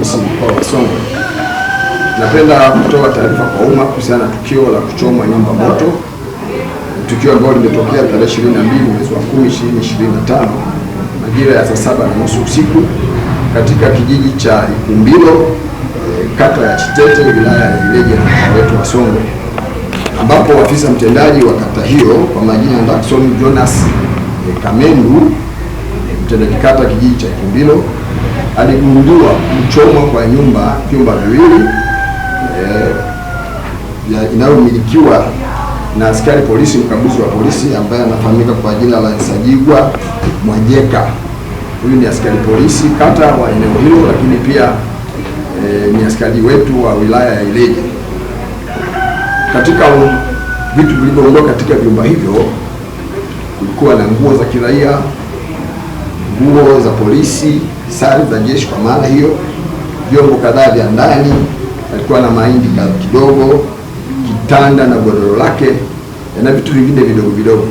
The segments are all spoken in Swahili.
Polisi Mkoa wa Songwe, napenda kutoa taarifa kwa umma kuhusiana na tukio la kuchomwa nyumba moto, tukio ambalo limetokea tarehe 22 mwezi wa 10 2025 majira ya saa saba na nusu usiku katika kijiji cha Ikumbilo eh, kata ya Chitete wilaya ya Ileje na mkoa wetu wa Songwe, ambapo afisa mtendaji wa kata hiyo kwa majina Jackson Jonas eh, Kamendu mtendaji kata kijiji cha Ikumbilo aligundua mchomo kwa nyumba vyumba viwili eh, inayomilikiwa na askari polisi mkaguzi wa polisi ambaye anafahamika kwa jina la Sajigwa Mwajeka. Huyu ni askari polisi kata wa eneo hilo, lakini pia e, ni askari wetu wa wilaya ya Ileje. Katika vitu vilivyoondoka katika vyumba hivyo kulikuwa na nguo za kiraia nguo za polisi, sare za jeshi kwa maana hiyo, vyombo kadhaa vya ndani, alikuwa na mahindi kidogo, kitanda na godoro lake na vitu vingine vidogo vidogo.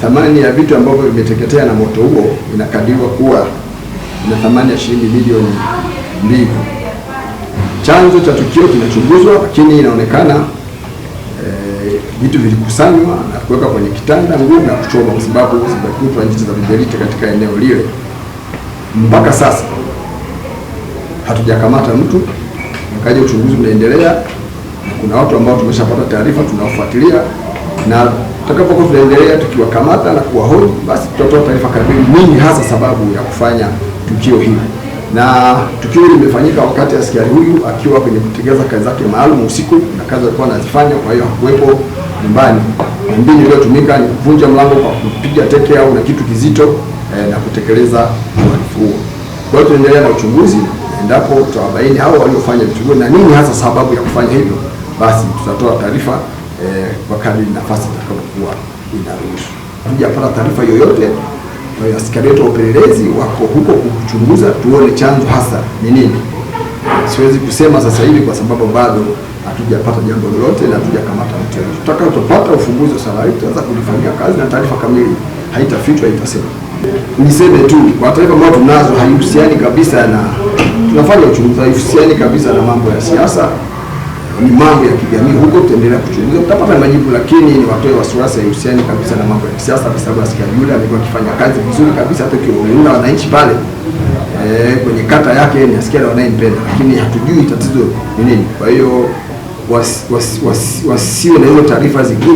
Thamani ya vitu ambavyo vimeteketea na moto huo inakadiriwa kuwa na thamani ya shilingi milioni mbili. Chanzo cha tukio kinachunguzwa, lakini inaonekana vitu vilikusanywa na kuweka kwenye kitanda, nguo na kuchoma, kwa sababu zimekutwa njiti za viberiti katika eneo lile. Mpaka sasa hatujakamata mtu, nakaja uchunguzi unaendelea, na kuna watu ambao tumeshapata taarifa, tunawafuatilia na tutakapokuwa tunaendelea tukiwakamata na kuwahoji, basi tutatoa taarifa kamili, nini hasa sababu ya kufanya tukio hili. Na tukio hili limefanyika wakati askari huyu akiwa kwenye kutekeleza kazi zake maalum usiku, na kazi alikuwa anazifanya, kwa hiyo hakuwepo nyumbani. Mbinu iliyotumika ni kuvunja mlango kwa kupiga teke au na kitu kizito eh, na kutekeleza uhalifu huo. Kwa hiyo tunaendelea na uchunguzi, endapo tutawabaini hao waliofanya vitu hivyo na nini hasa sababu ya kufanya hivyo, basi tutatoa taarifa eh, kwa kadri nafasi itakapokuwa inaruhusu. Hatujapata taarifa yoyote askari wetu wa upelelezi wako huko kuchunguza tuone chanzo hasa ni nini. Siwezi kusema sasa hivi kwa sababu bado hatujapata jambo lolote na hatujakamata mtu yoyote. Tutakapopata ufunguzi wa swala hili tutaanza kulifanyia kazi na taarifa kamili haitafichwa, haitasema. Niseme tu kwa taarifa ambayo tunazo haihusiani kabisa na tunafanya uchunguzi, haihusiani kabisa na mambo ya siasa, ni mambo ya kijamii. Huko tutaendelea kuchunguza, tutapata majibu, lakini ni watoe wasiwasi, haihusiani kabisa na mambo ya siasa, kwa sababu nasikia yule amekuwa akifanya kazi vizuri kabisa, hata ukiwaona wananchi pale eh, kwenye kata yake ni asikia na wanayempenda, lakini hatujui tatizo ni nini, kwa hiyo wasiwe na hizo taarifa zingine